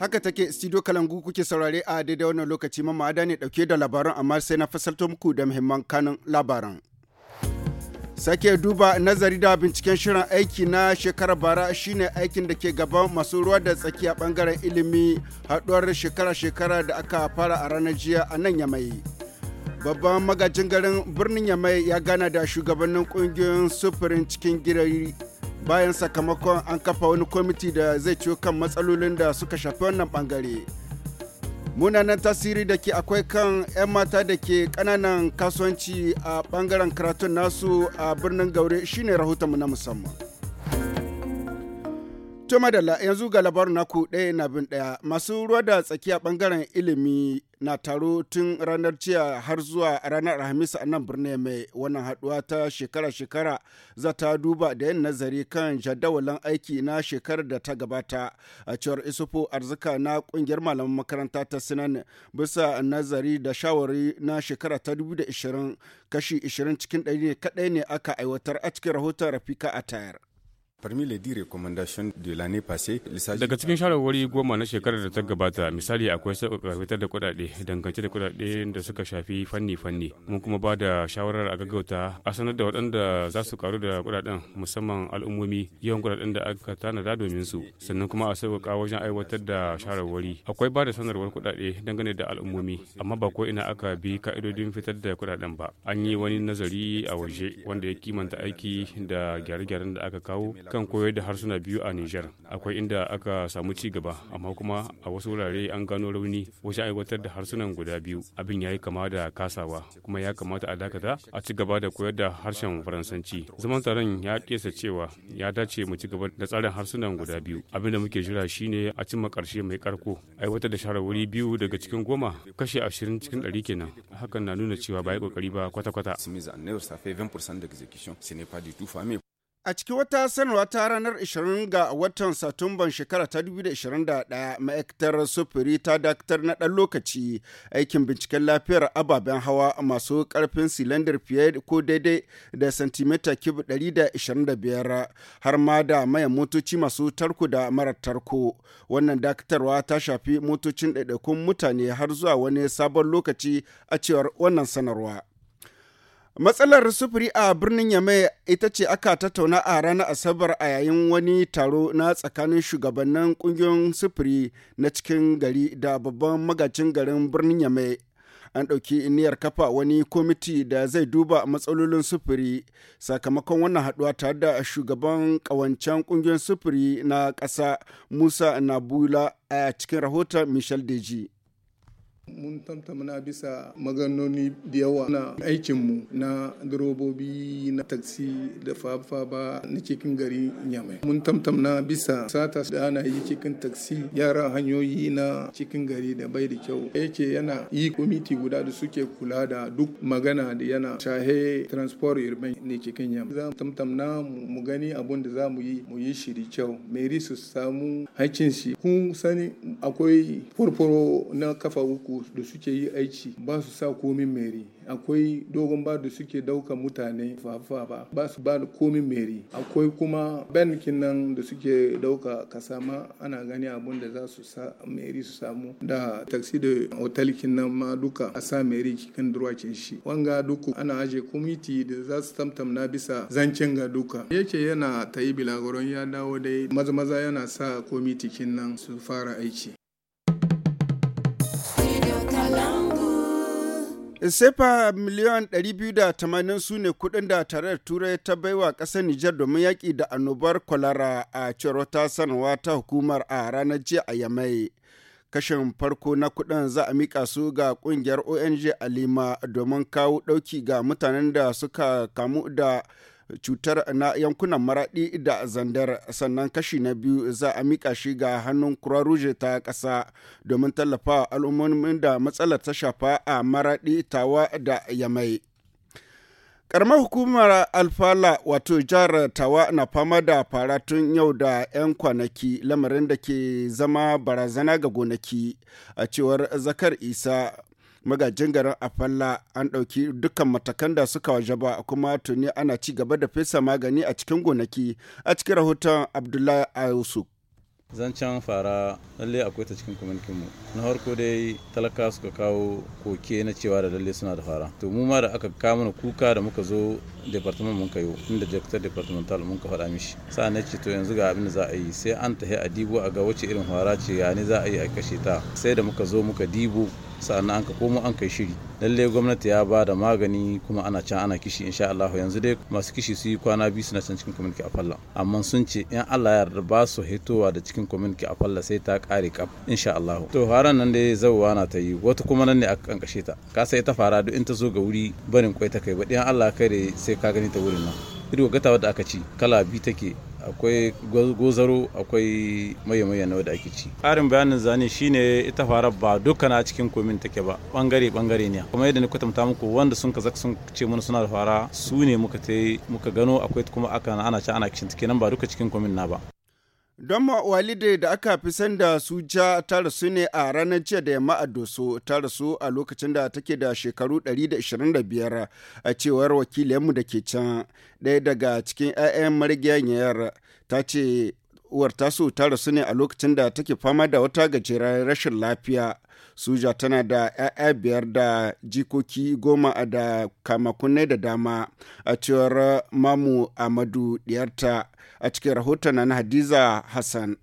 Haka take studio Kalangu kuke saurare a daidai wannan lokaci mamada ne dauke da labaran amma sai na fasalto muku da muhimman kanun labaran. sake duba nazari da binciken shirin aiki na shekarar bara shine aikin da ke gaban masu ruwa da tsaki a bangaren ilimi haduwar shekara-shekara da aka fara a ranar jiya a nan yamai babban magajin garin birnin yamai ya gana da shugabannin kungiyoyin sufurin cikin girari bayan sakamakon an kafa wani kwamiti da zai ciyo kan matsalolin da suka shafi wannan bangare munanan tasiri da ke akwai kan 'yan mata da ke kananan kasuwanci a bangaren karatun nasu a birnin gaure shine rahotonmu na musamman To yanzu ga labarin naku ɗaya na bin ɗaya masu ruwa da tsakiya bangaren ilimi na taro tun ranar jiya har zuwa ranar Alhamis a nan birnin mai wannan haduwa ta shekara-shekara za ta duba da yin nazari kan jadawalin aiki na shekarar da ta gabata a cewar Isufu Arzika na kungiyar malaman makaranta ta Sinan bisa nazari da shawari na shekara ta 2020 kashi 20 cikin 100 ne kadai ne aka aiwatar a cikin rahoton Rafika a tayar. Daga cikin shawarwari goma na shekarar da ta gabata misali akwai sauƙaƙa fitar da kuɗaɗe dangance da kuɗaɗe da suka shafi fanni-fanni mun kuma ba da shawarar a gaggauta a sanar da waɗanda za su karu da kuɗaɗen musamman al'ummomi yawan kuɗaɗen da aka tanada domin su sannan kuma a sauƙaƙa wajen aiwatar da shawarwari akwai ba da sanarwar kuɗaɗe dangane da al'ummomi amma ba ko ina aka bi ka'idodin fitar da kuɗaɗen ba an yi wani nazari a waje wanda ya kimanta aiki da gyare-gyaren da aka kawo kan koyar da harsuna biyu a Nijar. Akwai inda aka samu ci gaba, amma kuma a wasu wurare an gano rauni wajen aiwatar da harsunan guda biyu. Abin ya yi kama da kasawa, kuma ya kamata a dakata a ci gaba da koyar da harshen Faransanci. Zaman taron ya kesa cewa ya dace mu ci gaba da tsarin harsunan guda biyu. Abin da muke jira shine a cimma karshe mai karko Aiwatar da shawarwari biyu daga cikin goma kashe ashirin cikin ɗari kenan. Hakan na nuna cewa ba yi ƙoƙari ba kwata-kwata. A cikin wata sanarwa ta ranar 20 ga watan Satumban shekara ta 2021 ma'aikatar sufuri ta daktar na ɗan lokaci aikin binciken lafiyar ababen hawa masu ƙarfin silandar fiye ko daidai da santimita kib 125 har ma da maya motoci masu tarko da marar tarko. Wannan daktarwa ta shafi motocin ɗaiɗaikun mutane har zuwa wani sabon lokaci a cewar wannan sanarwa. Matsalar sufuri a birnin Yamai ita ce aka tattauna a ranar Asabar a yayin wani taro na tsakanin shugabannin kungiyoyin sufuri na cikin gari da babban magacin garin birnin Yamai. An ɗauki niyyar kafa wani kwamiti da zai duba matsalolin sufuri sakamakon wannan haɗuwa tare da shugaban ƙawancen ƙungiyoyin sufuri na ƙasa Musa Nabula a cikin rahoton Michel Deji. mun tantamna bisa maganoni da yawa na aikinmu na durobobi na taksi da ba na cikin gari nyamai mun tantamna bisa sata da ana yi cikin taksi yara hanyoyi na cikin gari da bai da kyau yake yana yi komiti guda da suke kula da duk magana da yana shahe transport urban ne cikin nyamai za mu tantamna mu gani abun da za mu yi mu yi shiri kyau meri su samu haƙƙin shi kun sani akwai furfuro na kafa uku da suke yi aiki ba su sa komin meri akwai dogon ba da suke dauka mutane fafa ba ba su ba da komin meri akwai kuma benkin nan da suke dauka kasa ma ana gani abun da za su sa meri su samu da taxi da otalkin nan ma duka a sa meri kikan durwakin shi wanga duku ana aje komiti da za su tamtamna bisa zancen ga duka yake yana ta yi bilagoron ya dawo dai maza maza yana sa komiti nan su fara aiki sefa miliyan 280 su ne kudin da tarayyar turai ta baiwa kasar nijar domin yaƙi da annobar kwalara a cewar ta sanarwa ta hukumar a ranar jiya a yamai kashin farko na kudin za a mika su ga kungiyar ong alima domin kawo ɗauki ga mutanen da suka kamu da cutar na yankunan maraɗi da zandar sannan kashi na biyu za a mika shi ga hannun croix ta ƙasa domin tallafa al'ummomin da matsalar ta shafa a maraɗi tawa da yamai. karamar hukumar alfala wato jihar tawa na fama da fara tun yau da 'yan kwanaki lamarin da ke zama barazana ga gonaki a cewar zakar isa magajin garin afalla an ɗauki dukkan matakan da suka waje ba kuma tuni ana ci gaba da fesa magani a cikin gonaki a cikin rahoton abdullahi ayusuf zancen fara lalle akwai ta cikin kwamitin mu na farko dai talaka suka kawo koke na cewa da lalle suna da fara to mu ma da aka kama na kuka da muka zo department mun kayo inda jakatar departmental mun ka faɗa mishi sa na ce to yanzu ga abin da za a yi sai an tahi a dibo a ga wace irin fara ce ya ne za a yi a kashe ta sai da muka zo muka dibo sa'annan an ka komo an kai shiri lalle gwamnati ya ba da magani kuma ana can ana kishi insha Allah yanzu dai masu kishi su yi kwana biyu suna can cikin community a falla amma sun ce in Allah ya ba su hitowa da cikin community a falla sai ta kare kaf insha Allah to haran nan dai zawwa na ta yi wata kuma nan ne aka kankashe ta ka sai ta fara duk in ta zo ga wuri barin kwai ta kai ba dan Allah kare sai ka gani ta wurin nan iri gata wadda aka ci kala biyu take akwai gozaro akwai maye-maye na wadda ake ci ƙarin bayanin zane shine ita fara ba dukkan a cikin komin take ba bangare bangare ne kuma yadda ni kwatanta muku wanda sun ka sun ce mana suna da fara sune ne muka muka gano akwai kuma aka ana ci ana kishin kenan ba duka cikin komin na ba Don walidai da aka fi da su ja ta rasu ne a ranar jiya da yamma a Doso ta rasu a lokacin da take da shekaru 125 a cewar wakilinmu da ke can ɗaya daga cikin 'ya'yan marigiyar ta ce uwar tasu ta rasu ne a lokacin da take fama da wata gajeren rashin lafiya Suja tana da 'ya'ya biyar da jikoki goma da kamakunai da dama a cewar Mamu Amadu diyarta a cikin rahoton na Hadiza Hassan.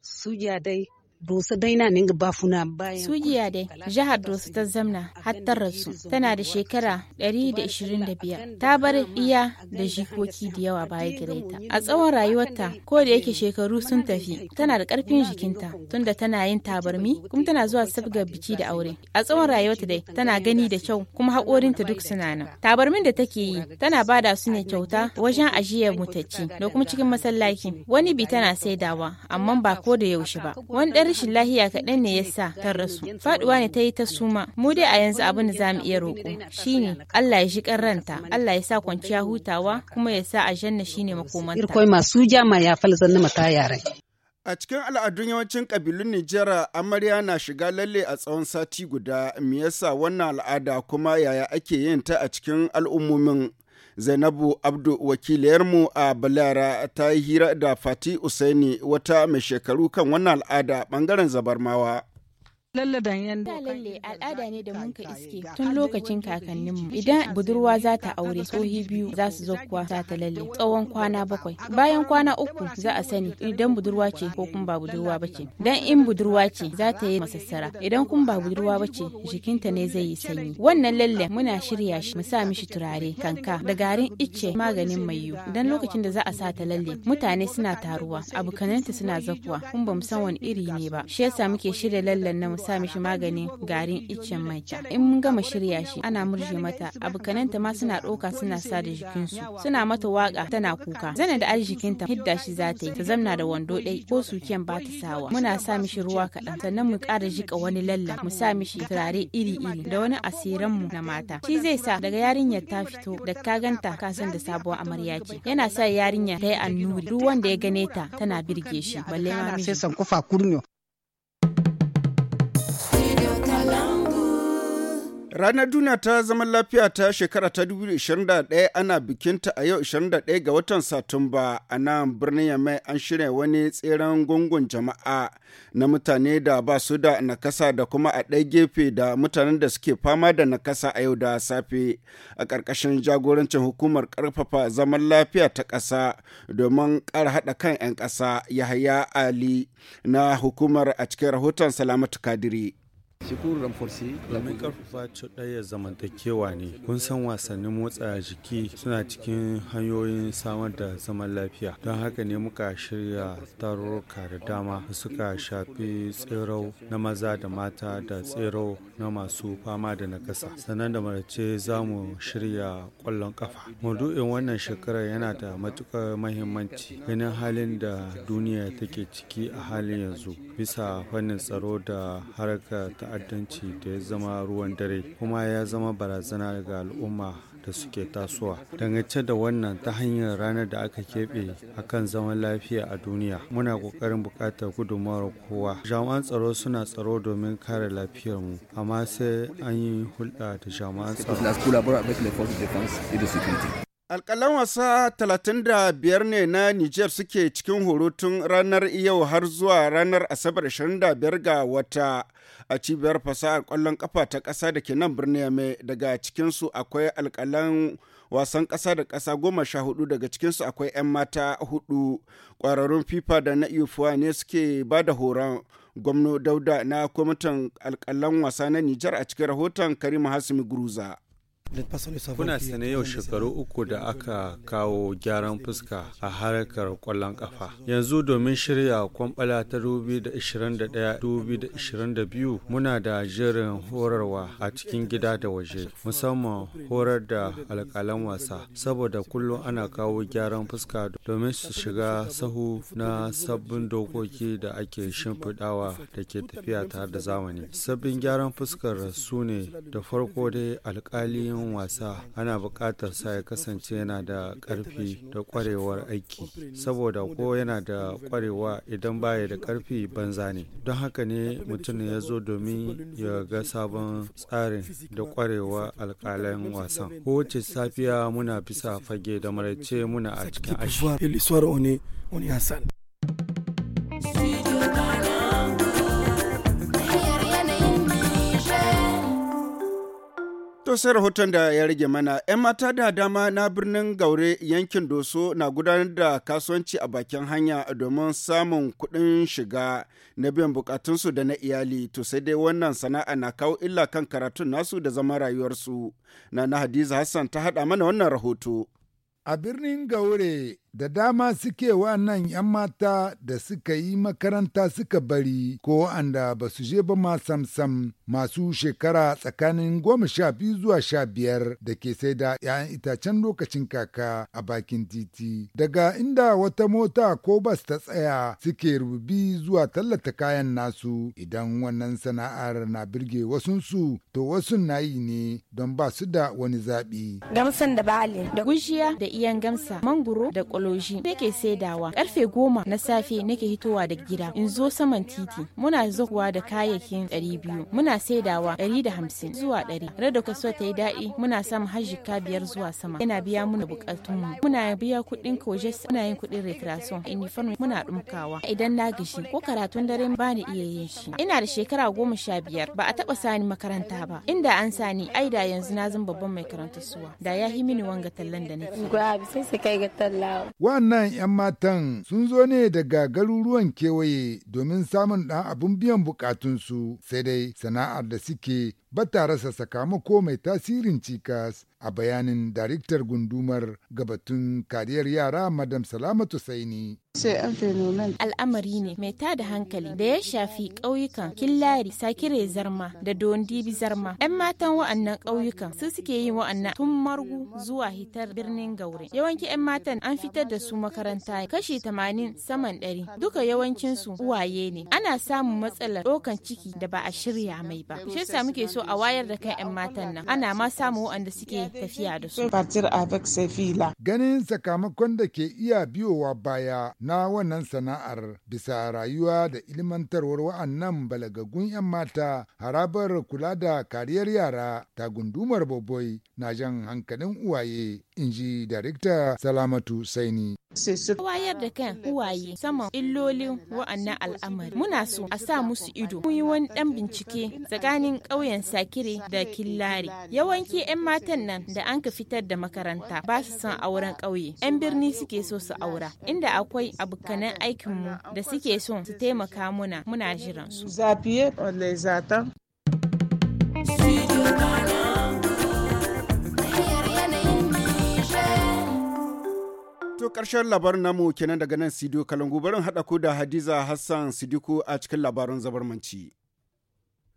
Suja dai dosa daina ninga bafuna bayan sujiya dai jihar dosa ta zamna hattar rasu tana da shekara 125 ta bar iya da jikoki da yawa baya gare a tsawon rayuwarta ko da yake shekaru sun tafi tana da karfin jikinta tunda tana yin tabarmi kuma tana zuwa sabga biki da aure a tsawon rayuwarta dai tana gani da kyau kuma haƙorinta duk suna nan tabarmin da take yi tana bada su ne kyauta wajen ajiyar mutacci da kuma cikin masallaci wani bi tana saidawa amma ba ko da yaushe ba wani ɗan rashin lahiya kaɗan ne ya sa ta rasu faduwa ne ta yi ta suma mu dai a yanzu abin da za mu iya roƙo shine Allah ya ji ranta Allah ya sa kwanciya hutawa kuma ya sa ajanna shine makomanta irkoi masu jama ya falzan na mata yaran A cikin al'adun yawancin ƙabilun Nijera amarya na shiga lalle a tsawon sati guda, me yasa wannan al'ada kuma yaya ake yin ta a cikin al'ummomin? Zainabu Abdu wakiliyarmu a Balara ta yi hira da Fati Usaini wata mai shekaru kan wannan al'ada ɓangaren zabarmawa. Lalladan yanda lalle al'ada ne da mun ka iske tun lokacin kakanninmu idan budurwa za ta aure tsohi biyu za su zo kuwa za ta lalle tsawon kwana bakwai bayan kwana uku za a sani idan budurwa ce ko kuma ba budurwa ba ce dan in budurwa ce za ta yi masassara idan kun ba budurwa ba ce jikinta ne zai yi sanyi wannan lalle muna shirya shi mu sa mishi turare kanka da garin icce maganin mai yiwu dan lokacin da za a sa ta lalle mutane suna taruwa abokananta suna zakuwa kun ba mu san wani iri ne ba shi yasa muke shirya lallen na sa mishi maganin garin iccen maita in mun gama shirya shi ana murje mata abokananta ma suna ɗauka suna sa da jikinsu suna mata waka tana kuka zana da arzikinta hidda shi za ta yi ta zamna da wando ɗai ko suken ba ta sawa muna sa mishi ruwa kaɗan sannan mu ƙara jika wani lalla mu sa mishi turare iri-iri da wani mu na mata shi zai sa daga yarinyar ta fito da ka ganta ka san da sabuwar amarya ce yana sa yarinya ta yi annuri duk wanda ya gane ta tana birge shi balle ma miji Ranar duniya ta zaman lafiya ta shekara ta 2021 ana bikinta a yau 21 ga watan Satumba a nan birnin Yamai an shirya wani tseren gungun jama'a na mutane da ba su da nakasa da kuma a ɗaya gefe da mutanen da suke fama da nakasa a yau da safe a ƙarƙashin jagorancin hukumar ƙarfafa zaman lafiya ta ƙasa domin ƙara haɗa kan 'yan ƙasa Yahaya Ali na hukumar a cikin rahoton Salamatu Kadiri. domin karfafa cuɗayyar zamantakewa ne kun san wasannin motsa jiki suna cikin hanyoyin samar da zaman lafiya don haka ne muka shirya tarurruka da dama da suka shafi tsero na maza da mata da tsero na masu fama da nakasa sannan da marace za mu shirya ƙwallon ƙafa. maudu'in wannan shekarar yana da matuƙar mahimmanci ganin halin da duniya take ciki a halin yanzu bisa fannin tsaro da harkar ta ta'addanci da ya zama ruwan dare kuma ya zama barazana ga al'umma da suke tasowa dangance da wannan ta hanyar ranar da aka keɓe akan zaman lafiya a duniya muna ƙoƙarin buƙatar gudunmawar kowa jami'an tsaro suna tsaro domin kare lafiyarmu amma sai an yi hulɗa da jami'an tsaro Alƙalan wasa 35 ne na niger suke cikin horotun ranar yau har zuwa ranar Asabar 25 ga wata a cibiyar fasahar kwallon kafa ta kasa da ke nan birnin yame daga cikinsu akwai alkalan wasan kasa da kasa goma sha hudu daga cikinsu akwai 'yan mata hudu kwararrun fifa da na ifuwa ne suke ba da horon gwamno dauda na kwamitin alkalan wasa na nijar a cikin rahoton karima hasimi guruza Kuna sane yau shekaru uku da aka kawo gyaran fuska a harkar kwallon kafa. Yanzu domin shirya kwamfala ta 2021-2022 muna da jirin horarwa a cikin gida da waje, musamman horar da alkalan wasa, saboda kullum ana kawo gyaran fuska domin su shiga sahu na sabbin dokoki da ake shimfiɗawa da ke tafiya tare da zamani. Sabbin gyaran fuskar su ne da farko dai alkali yin wasa ana buƙatar sa ya kasance yana da ƙarfi da ƙwarewar aiki saboda ko yana da ƙwarewa idan baya da ƙarfi banza ne don haka ne mutum ya zo domin ya ga sabon tsarin da ƙwarewa alƙalan wasan kowace safiya muna bisa fage da maraice muna a cikin ashi To sai rahoton da ya rage mana, ‘yan mata da dama na birnin Gaure yankin Doso na gudanar da kasuwanci a bakin hanya domin samun kuɗin shiga na biyan bukatunsu da na iyali, to sai dai wannan sana'a na kawo illa kan karatun nasu da zama rayuwarsu. Na na Hadiza Hassan ta haɗa mana wannan rahoto. A birnin Gaure da dama suke nan 'yan mata da suka yi makaranta suka bari ko anda ba su je ba ma samsam masu shekara tsakanin goma sha biyu zuwa sha biyar da ke sai da 'ya'yan itacen lokacin kaka a bakin titi daga inda wata mota ko bas ta tsaya suke rubi zuwa tallata kayan nasu idan wannan sana'ar na birge wasunsu to wasu na yi ne don ba su da wani zaɓi. gamsan da bale da gushiya da iyan gamsa mangoro da kwalo technology nake saidawa karfe goma na safe nake hitowa da gida in zo saman titi muna zuwa da kayayyakin ɗari biyu muna saidawa ɗari da hamsin zuwa ɗari da kaso ta yi daɗi muna samun har biyar zuwa sama yana biya muna mu muna biya kuɗin kojes muna yin kuɗin recreation uniform muna ɗumkawa idan na gashi ko karatun dare ba ni iya yin shi ina da shekara goma sha biyar ba a taɓa sani makaranta ba inda an sani ai da yanzu na zan babban mai karanta suwa da ya hi mini wanga tallan da nake. Gwabi sai sai kai ga tallawa. wannan 'yan matan sun zo ne daga garuruwan kewaye domin samun ɗan abin biyan bukatunsu sai dai sana'ar da suke ba ta rasa sakamako mai tasirin cikas a bayanin daraktar gundumar gabatun kariyar yara madam salamatu saini al'amari ne mai ta da hankali da ya shafi ƙauyukan killari sakire zarma da dondibi zarma 'yan matan wa'annan ƙauyukan su suke yin wa'annan tun margu zuwa hitar birnin gaure yawanci 'yan matan an fitar da su makaranta kashi tamanin saman ɗari duka yawancinsu uwaye ne ana samun matsalar ɗaukan ciki da ba a shirya mai ba shi yasa muke so a wayar da kan 'yan matan nan ana ma samu waɗanda suke tafiya da su. Ganin sakamakon da ke iya biyowa baya na wannan sana'ar bisa rayuwa da ilmantarwar wa'annan balagagun 'yan mata harabar kula da kariyar yara ta gundumar boboi na jan hankalin uwaye in ji Darekta Salamatu Saini. Wayar da kan uwaye saman illolin wa'annan al'amari. Muna so a sa musu ido. Mun yi wani ɗan bincike tsakanin ƙauyen Shakiri da Killari. Yawanci 'yan matan nan da an ka fitar da makaranta ba su son auren ƙauye. 'Yan birni suke so su aura, inda akwai abokanan aikinmu da suke so su taimaka muna muna jiran su. To ƙarshen labarin namu kenan daga nan Sidiyo Kalangu barin haɗa ku da Hadiza Hassan Sidiku a cikin labarin zabarmanci.